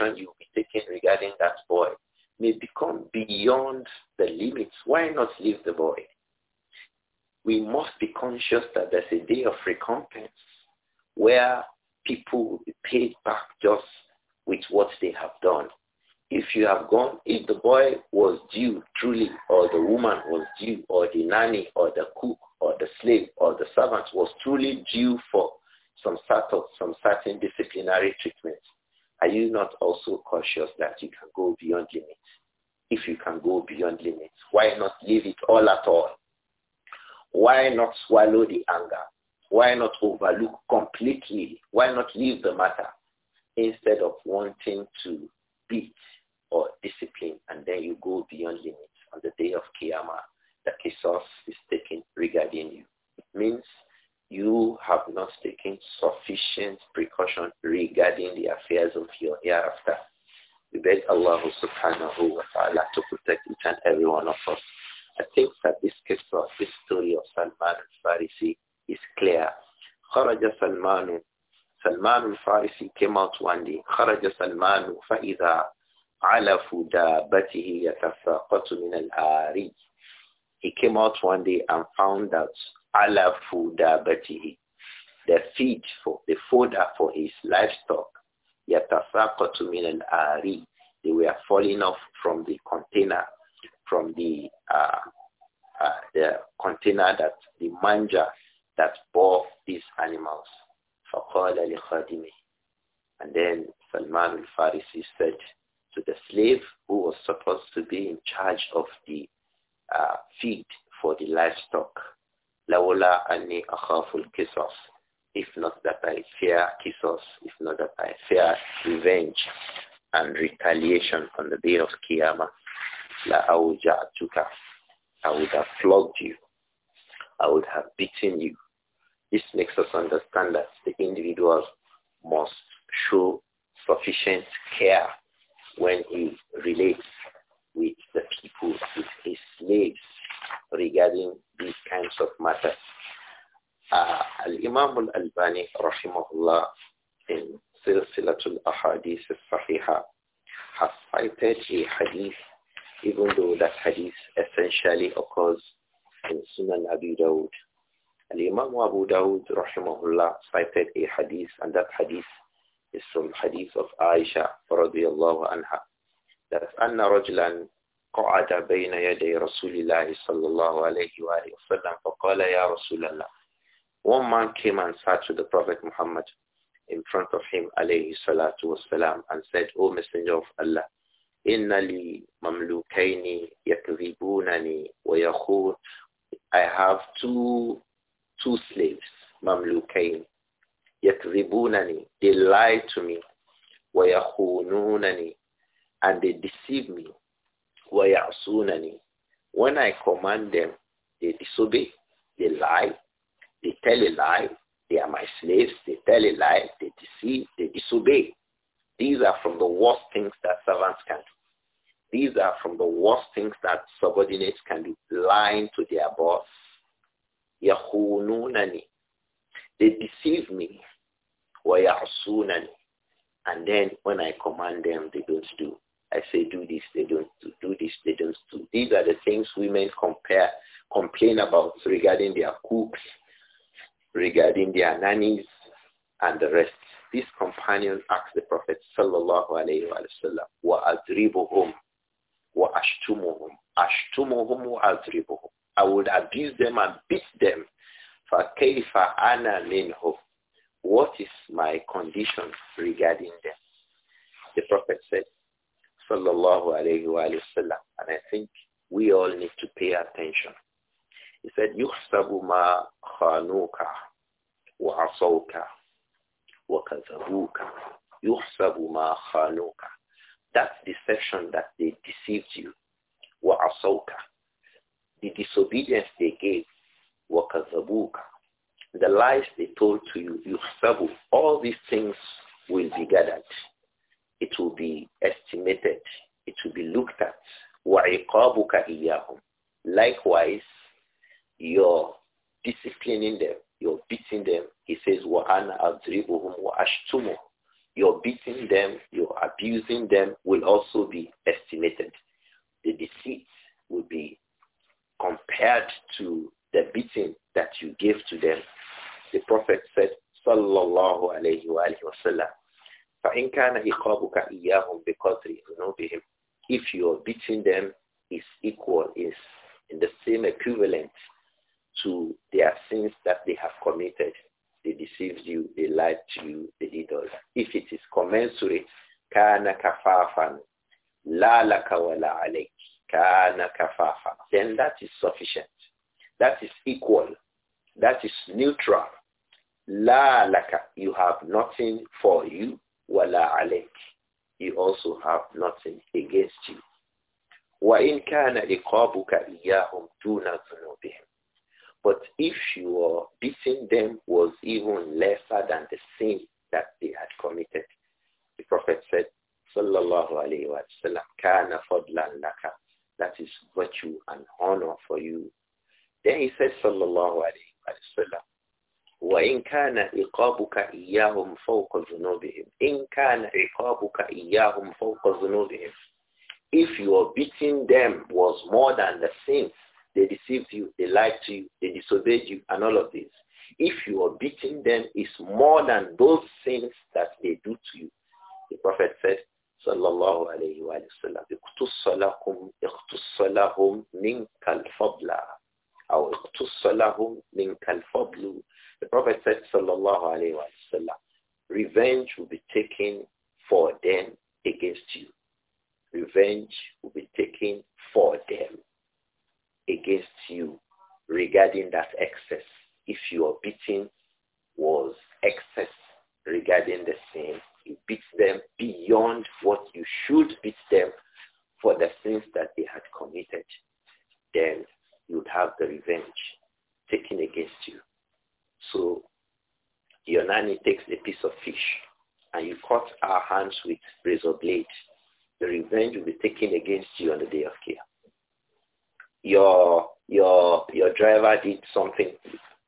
[SPEAKER 1] action you'll be taking regarding that boy may become beyond the limits, why not leave the boy? We must be conscious that there's a day of recompense where people will be paid back just with what they have done. If you have gone, if the boy was due truly, or the woman was due, or the nanny, or the cook, or the slave, or the servant was truly due for some sort of some certain disciplinary treatment, are you not also cautious that you can go beyond limits? If you can go beyond limits, why not leave it all at all? Why not swallow the anger? Why not overlook completely? Why not leave the matter instead of wanting to beat or discipline and then you go beyond limits on the day of Qiyamah? that Qisas is taken regarding you. It means you have not taken sufficient precaution regarding the affairs of your hereafter. We beg Allah subhanahu wa ta'ala to protect each and every one of us. I think that this case of this story of Salman al-Farisi is clear. خرج سلمان سلمان الفارسي came out one day خرج سلمان فإذا علف دابته يتساقط من العاري He came out one day and found that Ala dabatihi. The feed for the fodder for his livestock. Yatasaqatu min al ari. They were falling off from the container, from the uh, uh, the container that the manja that bore these animals. فقال لخادمه. And then Salman al-Farisi said to the slave who was supposed to be in charge of the uh, feed for the livestock, لولا ani أخاف kisos. if not that I fear kisos. if not that I fear revenge and retaliation on the day of Qiyamah, la atuka. I would have flogged you, I would have beaten you. This makes us understand that the individual must show sufficient care when he relates ماتت Uh, Al-Imam al-Albani, rahimahullah, in Silsilatul Ahadith al-Sahiha, has cited a hadith, even though that hadith essentially occurs in Sunan Abu Dawud. Al-Imam Abu Dawud, rahimahullah, cited a hadith, and that hadith is from hadith of Aisha, radiallahu anha, that anna rajlan قعد بين يدي رسول الله صلى الله عليه وآله وسلم فقال يا رسول الله One man came and sat to the Prophet Muhammad in front of him alayhi salatu wasalam and said, O Messenger of Allah, إِنَّ لِي مَمْلُوكَيَنِ يَكْذِبُونَنِي wa I have two, two slaves, مَمْلُوكَيَنِ يَكْذِبُونَنِي they lie to me. وَيَخُونُونَنِي and they deceive me. وَيَعْصُونَنِي When I command them, they disobey, they lie, they tell a lie, they are my slaves, they tell a lie, they deceive, they disobey. These are from the worst things that servants can do. These are from the worst things that subordinates can do, lying to their boss. يَخُونُونَنِي They deceive me. وَيَعْصُونَنِي And then when I command them, they don't do. I say do this, they don't do, this, they don't do. These are the things women compare, complain about regarding their cooks, regarding their nannies, and the rest. This companion asked the Prophet sallallahu wasallam, wa sallam, وَأَضْرِبُهُمْ وَأَشْتُمُهُمْ أَشْتُمُهُمْ وَأَضْرِبُهُمْ I would abuse them and beat them. فَكَيْفَ أَنَا مِنْهُمْ What is my condition regarding them? The Prophet said, sallallahu alayhi wa sallam. And I think we all need to pay attention. He said, يُحْسَبُ مَا خَانُوكَ وَعَصَوْكَ وَكَذَبُوكَ يُحْسَبُ مَا خَانُوكَ That deception that they deceived you, وَعَصَوْكَ The disobedience they gave, وَكَذَبُوكَ The lies they told to you, يُحْسَبُ All these things will be gathered it will be estimated, it will be looked at. وَعِقَابُكَ إِيَّاهُمْ Likewise, you're disciplining them, you're beating them. He says, وَأَنَا وَأَشْتُمُهُمْ You're beating them, you're abusing them will also be estimated. The deceit will be compared to the beating that you gave to them. The Prophet said, Sallallahu alayhi wa sallam, if you're beating them is equal, is in the same equivalent to their sins that they have committed. They deceived you, they lied to you, they did all that. If it is commensurate, kana kafafan, la laka wa kana kafafan, then that is sufficient. That is equal. That is neutral. La laka, you have nothing for you wala عليك. You also have nothing against you. But if your beating them was even lesser than the sin that they had committed, the Prophet said, Sallallahu Alaihi Wasallam, Kana fadlan laka. That is virtue and honor for you. Then he said, Sallallahu Alaihi Wasallam, وإن كان عقابك إياهم فوق ذنوبهم إن كان عقابك إياهم فوق ذنوبهم If your beating them was more than the sins, they deceived you, they lied to you, they disobeyed you, and all of this. If your beating them is more than those sins that they do to you, the Prophet said, Sallallahu alayhi wa sallam, اقتصلهم اقتصلهم منك الفضل أو اقتصلهم منك الفضل the Prophet said, sallallahu alaihi wasallam, revenge will be taken for them against you. Revenge will be taken for them against you regarding that excess. If your beating was excess regarding the sin, you beat them beyond what you should beat them for the sins that they had committed, then you'd have the revenge taken against you. So your nanny takes a piece of fish and you cut our hands with razor blade. The revenge will be taken against you on the day of care. Your your your driver did something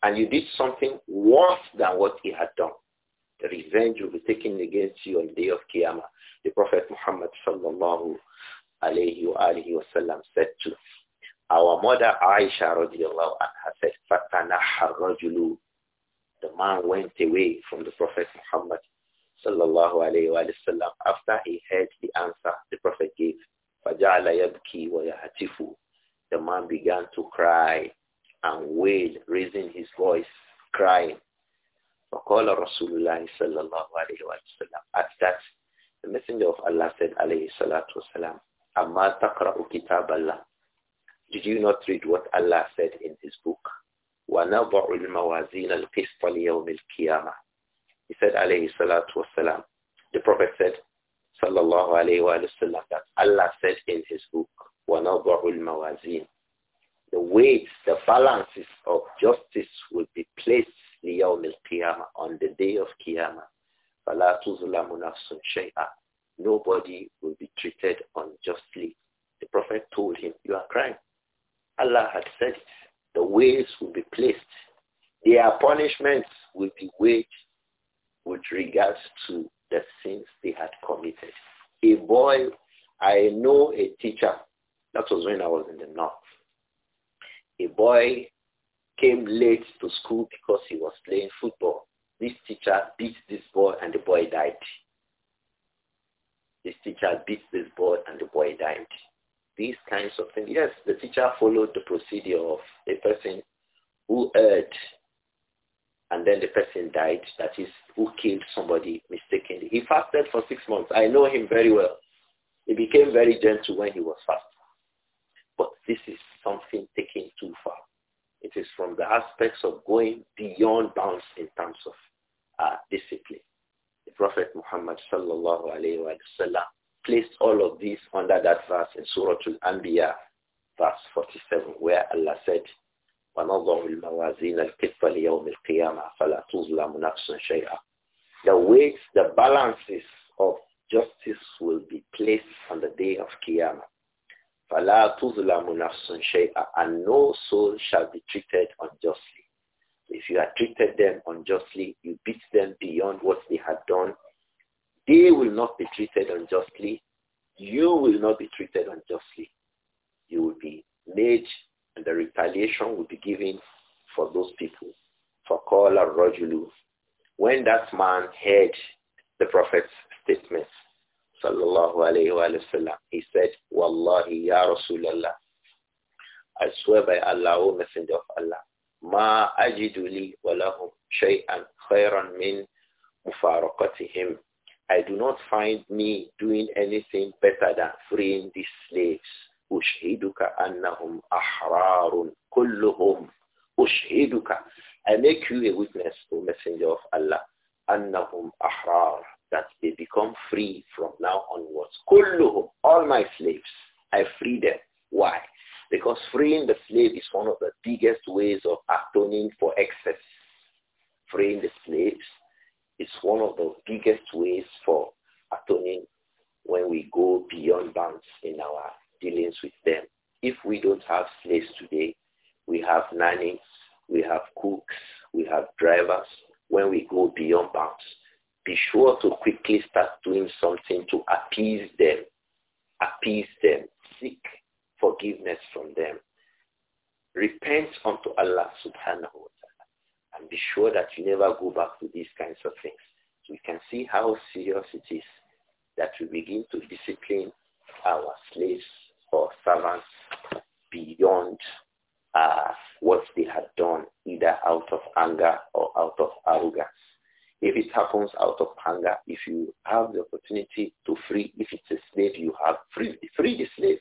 [SPEAKER 1] and you did something worse than what he had done. The revenge will be taken against you on the day of Qiyamah. The Prophet Muhammad sallallahu alayhi wa alihi wasallam said to our mother Aisha radiallahu anha said, فَتَنَحَ الرَّجُلُ the man went away from the Prophet Muhammad sallallahu alayhi wa after he heard the answer the Prophet gave. فَجَعَلَ يَبْكِي The man began to cry and wail, raising his voice, crying. اللَّهِ صَلَّى اللَّهُ عَلَيْهِ وَسَلَّمَ At that, the Messenger of Allah said, alayhi salatu wasalam, أَمَّا تَقْرَأُ كِتَابَ اللَّهِ Did you not read what Allah said in his book? وَنَضَعُ الْمَوَازِينَ الْقِسْطَ لِيَوْمِ الْقِيَامَةِ He said, alayhi salatu wasalam. The Prophet said, sallallahu alayhi wa sallam, that Allah said in his book, وَنَضَعُ الْمَوَازِينَ The weights, the balances of justice will be placed لِيَوْمِ الْقِيَامَةِ on the day of Qiyamah. فَلَا تُظْلَمُ نَفْسٌ شَيْئًا Nobody will be treated unjustly. The Prophet told him, you are crying. Allah had said it. The waves will be placed. Their punishments will be waged with regards to the sins they had committed. A boy, I know a teacher, that was when I was in the north. A boy came late to school because he was playing football. This teacher beat this boy and the boy died. This teacher beat this boy and the boy died. These kinds of things. Yes, the teacher followed the procedure of a person who hurt, and then the person died, that is, who killed somebody mistakenly. He fasted for six months. I know him very well. He became very gentle when he was fasting. But this is something taken too far. It is from the aspects of going beyond bounds in terms of uh, discipline. The Prophet Muhammad sallallahu alayhi wa sallam placed all of these under that verse in Surah Al-Anbiya, verse 47, where Allah said, وَنَضَعُ الْمَوَازِينَ الْقِسْطَ لِيَوْمِ الْقِيَامَةِ فَلَا تُظْلَمُ نَفْسٌ شَيْئًا The weights, the balances of justice will be placed on the day of Qiyamah. فَلَا تُظْلَمُ نَفْسٌ شَيْئًا And no soul shall be treated unjustly. If you have treated them unjustly, you beat them beyond what they had done he will not be treated unjustly. You will not be treated unjustly. You will be made and the retaliation will be given for those people. For call a rajulu. When that man heard the Prophet's statement, sallallahu alayhi wa sallam, he said, Wallahi ya Rasulallah. I swear by Allah, O Messenger of Allah, ma ajidu li walahum shay'an khayran min mufaraqatihim I do not find me doing anything better than freeing these slaves. Ushiduka annahum ahrarun kulluhum. Ushiduka. I make you a witness, O Messenger of Allah. Annahum ahrar. That they become free from now onwards. Kulluhum. All my slaves. I free them. Why? Because freeing the slave is one of the biggest ways of atoning for excess. Freeing the slaves it's one of the biggest ways for atoning when we go beyond bounds in our dealings with them. If we don't have slaves today, we have nannies, we have cooks, we have drivers. When we go beyond bounds, be sure to quickly start doing something to appease them. Appease them. Seek forgiveness from them. Repent unto Allah subhanahu and be sure that you never go back to these kinds of things. So we can see how serious it is that we begin to discipline our slaves or servants beyond uh, what they had done, either out of anger or out of arrogance. If it happens out of anger, if you have the opportunity to free, if it's a slave, you have free, free the slave.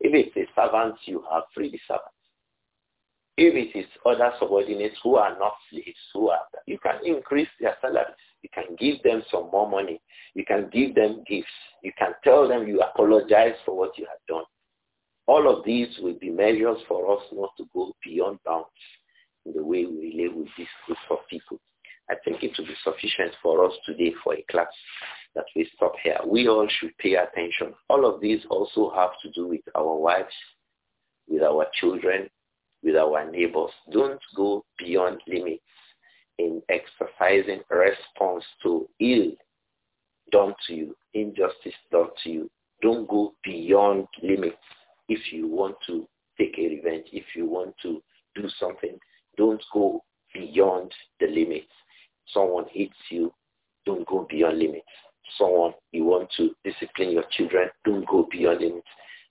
[SPEAKER 1] If it's a servant, you have free the servant. If it is other subordinates who are not slaves, who are, you can increase their salaries. You can give them some more money. You can give them gifts. You can tell them you apologize for what you have done. All of these will be measures for us not to go beyond bounds in the way we live with this group of people. I think it will be sufficient for us today for a class that we stop here. We all should pay attention. All of these also have to do with our wives, with our children, with our neighbors. Don't go beyond limits in exercising response to ill done to you, injustice done to you. Don't go beyond limits if you want to take a revenge, if you want to do something. Don't go beyond the limits. Someone hits you, don't go beyond limits. Someone, you want to discipline your children, don't go beyond limits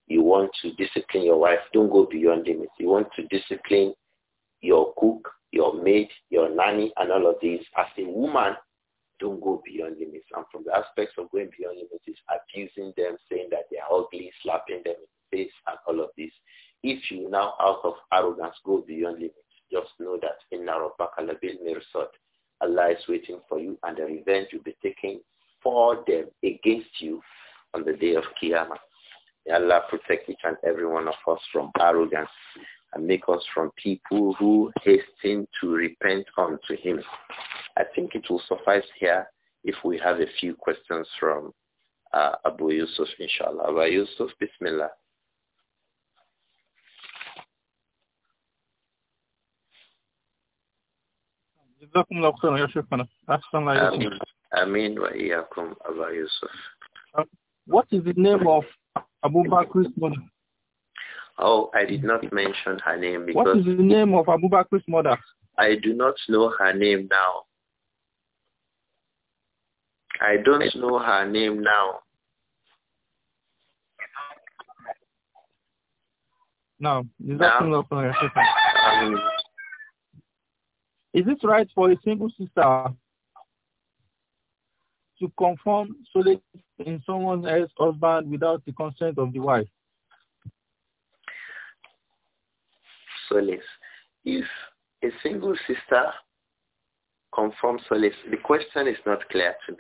[SPEAKER 1] you want to discipline your wife. Don't go beyond limits. You want to discipline your cook, your maid, your nanny, and all of these. As a woman, don't go beyond limits. And from the aspects of going beyond limits is abusing them, saying that they are ugly, slapping them in the face, and all of this. If you now, out of arrogance, go beyond limits, just know that in Mirsot, Allah is waiting for you, and the revenge will be taken for them against you on the day of Qiyamah. May Allah protect each and every one of us from arrogance and make us from people who hasten to repent unto him. I think it will suffice here if we have a few questions from uh, Abu Yusuf, inshallah. Abu Yusuf, bismillah.
[SPEAKER 2] جزاكم الله خيرا يا شيخنا أحسن الله إليكم
[SPEAKER 1] آمين وإياكم أبا يوسف
[SPEAKER 2] What is the name of Abu Bakr's mother?
[SPEAKER 1] Oh, I did not mention her name because... What is the name
[SPEAKER 2] of Abu Bakr's mother?
[SPEAKER 1] I do not know her name now. I don't know her name now.
[SPEAKER 2] No, is that no. Um, Is it right for a single sister to confirm solely in someone else's husband without the consent of the wife? Solace. If a single sister confirms
[SPEAKER 1] solace, the question is not clear to me.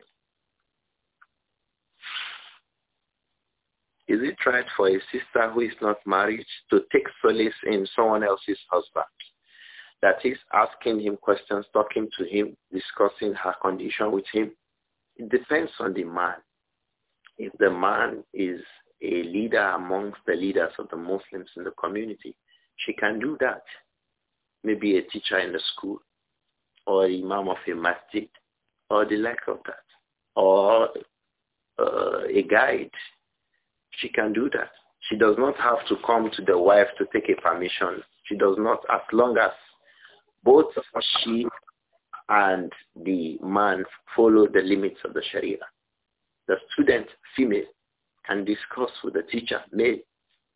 [SPEAKER 1] Is it right for a sister who is not married to take solace in someone else's husband? That is asking him questions, talking to him, discussing her condition with him, it depends on the man. If the man is a leader amongst the leaders of the Muslims in the community, she can do that. Maybe a teacher in the school or imam of a masjid or the like of that or uh, a guide. She can do that. She does not have to come to the wife to take a permission. She does not, as long as both she and the man follow the limits of the Sharia. The student, female, can discuss with the teacher, male,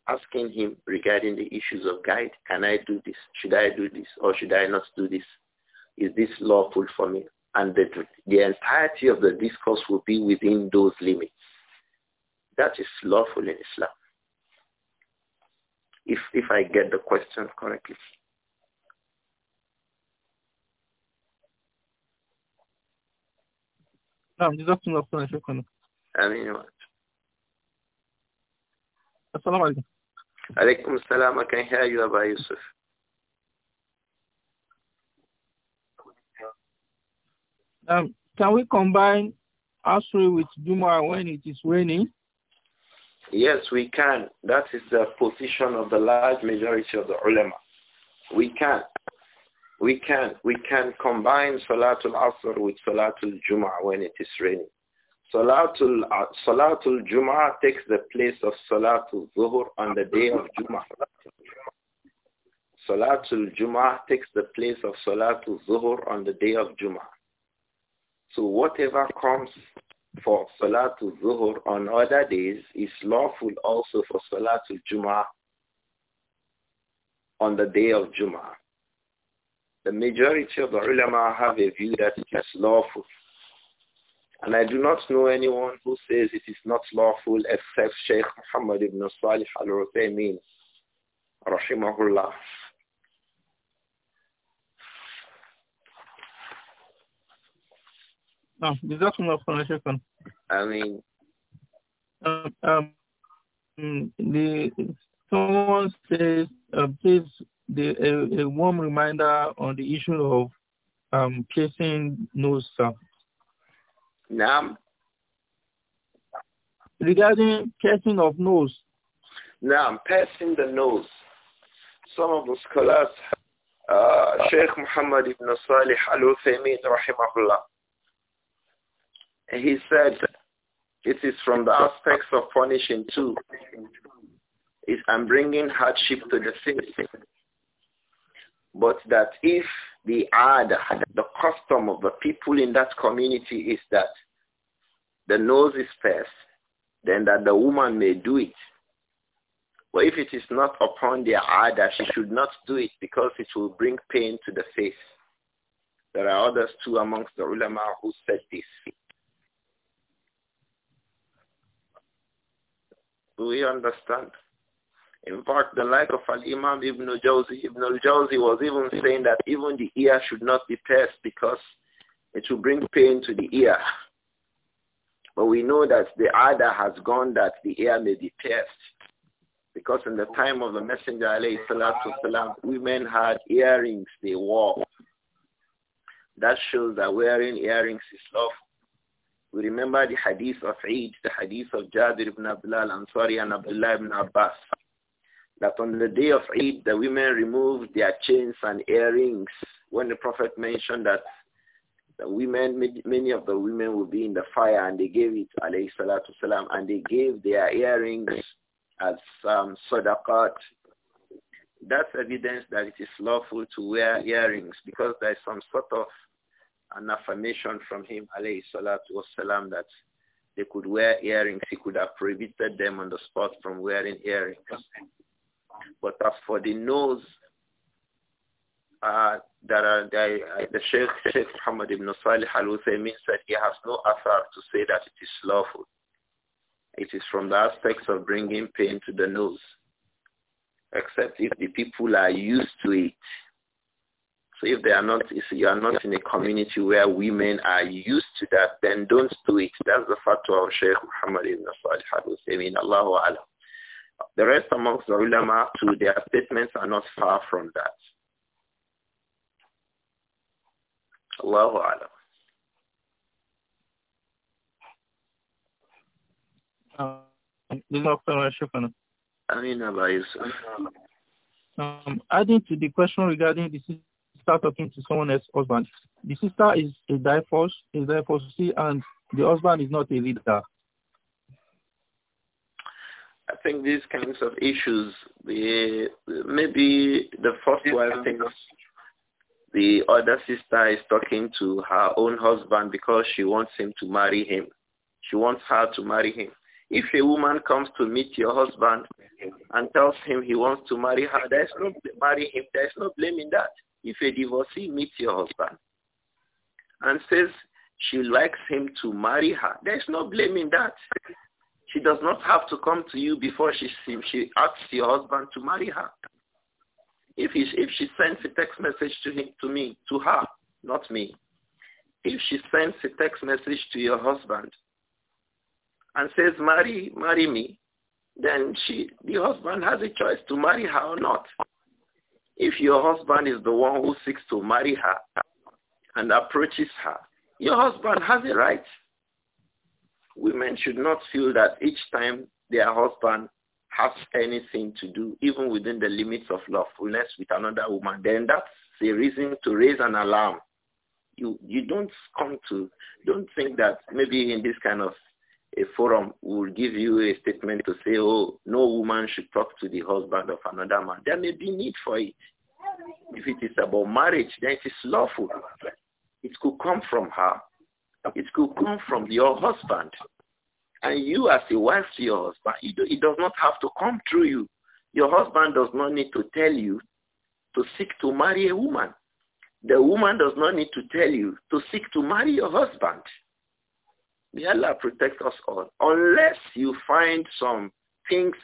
[SPEAKER 1] asking him regarding the issues of guide, can I do this? Should I do this or should I not do this? Is this lawful for me? And the, the entirety of the discourse will be within those limits. That is lawful in Islam. If, if I get the question correctly.
[SPEAKER 2] نعم جزاكم الله خيرا شكرا امين السلام عليكم
[SPEAKER 1] عليكم السلام I can hear you
[SPEAKER 2] um, can we combine Asri with Juma when it is raining?
[SPEAKER 1] Yes, we can. That is the position of the large majority of the ulama. We can. We can, we can combine Salatul Asr with Salatul Jum'ah when it is raining. Salatul, Salatul Jum'ah takes the place of Salatul Zuhur on the day of Jum'ah. Salatul Jum'ah takes the place of Salatul Zuhur on the day of Jum'ah. So whatever comes for Salatul Zuhur on other days is lawful also for Salatul Jum'ah on the day of Jum'ah. The majority of the ulama have a view that it is lawful. And I do not know anyone who says it is not lawful except Sheikh Muhammad ibn Salih al-Uthaymeen, rahimahullah.
[SPEAKER 2] No, جزاكم الله I mean, um, um, the, someone says, uh, please the, a, a, warm reminder on the issue of um, piercing nose stuff. Now, regarding piercing of nose.
[SPEAKER 1] Now, piercing the nose. Some of
[SPEAKER 2] the scholars, uh, Sheikh Muhammad ibn Salih al-Uthaymeen, rahimahullah, he said it is from the aspects of punishing too is and bringing hardship to the sinner
[SPEAKER 1] but that if the ad, the custom of the people in that community is that the nose is first, then that the woman may do it. But if it is not upon their ada, she should not do it because it will bring pain to the face. There are others too amongst the ulama who said this. Do we understand? In fact, the like of Al-Imam Ibn Jawzi, Ibn al-Jawzi was even saying that even the ear should not be pierced because it will bring pain to the ear. But we know that the other has gone that the ear may be pierced. Because in the time of the Messenger, والسلام, women had earrings they wore. That shows that wearing earrings is lawful. We remember the hadith of Eid, the hadith of Jabir ibn Abdullah and Ansari and Abdullah ibn Abbas that on the day of Eid, the women removed their chains and earrings. When the Prophet mentioned that the women, many of the women will be in the fire, and they gave it, alayhi salatu salam, and they gave their earrings as um, sadaqat. That's evidence that it is lawful to wear earrings because there is some sort of an affirmation from him, alayhi salatu wasalam, that they could wear earrings. He could have prohibited them on the spot from wearing earrings. But as for the nose, uh, that uh, are, the Sheikh, Sheikh Muhammad ibn Salih al means said he has no authority to say that it is lawful. It is from the aspects of bringing pain to the nose, except if the people are used to it. So if they are not, if you are not in a community where women are used to that, then don't do it. That's the fatwa of Sheikh Muhammad ibn Salih al-Uthaymin. Allahu alam. The rest amongst the ulama too, their statements are not far from that. Allahu alam.
[SPEAKER 2] Um, adding to the question regarding the sister talking to someone else's husband. The sister is a divorce, a divorcee, and the husband is not a leader.
[SPEAKER 1] I think these kinds of issues, the maybe the first wife thinks the other sister is talking to her own husband because she wants him to marry him. She wants her to marry him. If a woman comes to meet your husband and tells him he wants to marry her, there's no marry him. There's no blame in that. If a divorcee meets your husband and says she likes him to marry her, there's no blame in that. She does not have to come to you before she, she asks your husband to marry her. If, he, if she sends a text message to him, to me, to her, not me, if she sends a text message to your husband and says, marry, marry me, then she, the husband has a choice to marry her or not. If your husband is the one who seeks to marry her and approaches her, your husband has a right women should not feel that each time their husband has anything to do, even within the limits of lawfulness with another woman, then that's the reason to raise an alarm. You, you don't come to, don't think that maybe in this kind of a forum will give you a statement to say, oh, no woman should talk to the husband of another man. There may be need for it. If it is about marriage, then it is lawful. It could come from her. It could come from your husband. And you as a wife to your husband, it, it does not have to come through you. Your husband does not need to tell you to seek to marry a woman. The woman does not need to tell you to seek to marry your husband. May Allah protect us all. Unless you find some things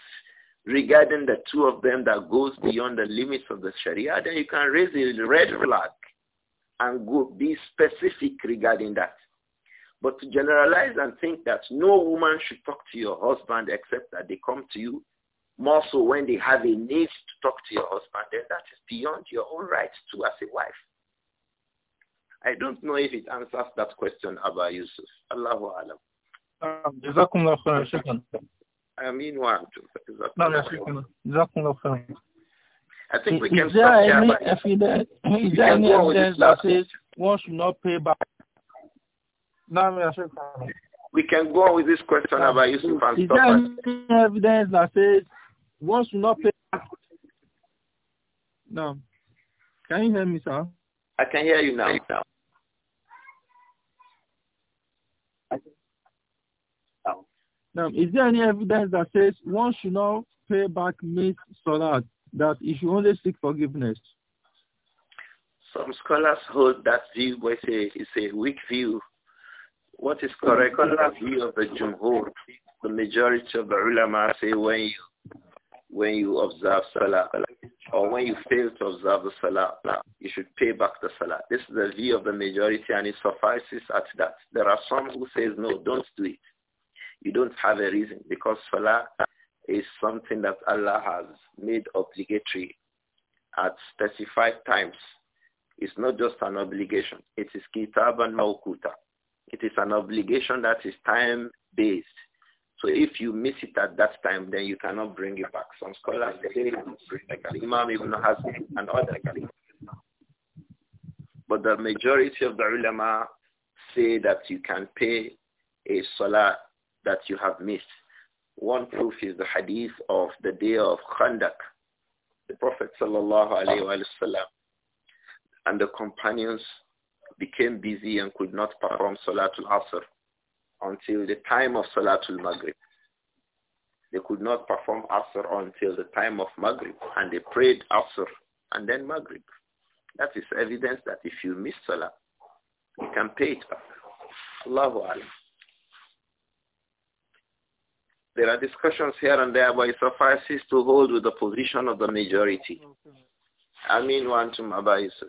[SPEAKER 1] regarding the two of them that goes beyond the limits of the Sharia, then you can raise a red flag and go be specific regarding that. But to generalize and think that no woman should talk to your husband except that they come to you, more so when they have a need to talk to your husband, then that is beyond your own rights to as a wife. I don't know if it answers that question, about Yusuf. Allahu Alam. جزاكم
[SPEAKER 2] um, I think we can stop there. any he, if he, if he, that says one should not pay back? We can go on with this question about Yusuf and Is there any evidence that says one should not pay No. Can you hear me, sir?
[SPEAKER 1] I can hear you now.
[SPEAKER 2] now. is there any evidence that says one should not pay back missed salat, that he should only seek forgiveness?
[SPEAKER 1] Some scholars hold that view, but say it's a weak view what is correct in the view of the Jumhur, the majority of the ulama say when you, when you observe Salah or when you fail to observe the Salah, you should pay back the Salah. This is the view of the majority and it suffices at that. There are some who say no, don't do it. You don't have a reason because Salah is something that Allah has made obligatory at specified times. It's not just an obligation. It is kitab and mawkuta. It is an obligation that is time-based. So if you miss it at that time, then you cannot bring it back. Some scholars say Imam Ibn Hazm and others. But the majority of the ulama say that you can pay a salah that you have missed. One proof is the hadith of the day of Khandak. The Prophet sallallahu and the companions became busy and could not perform Salatul Asr until the time of Salatul Maghrib. They could not perform Asr until the time of Maghrib and they prayed Asr and then Maghrib. That is evidence that if you miss Salah, you can pay it back. Allahu Alam. There are discussions here and there, but it suffices to hold with the position of the majority. Amin wa antum Aba Yusuf.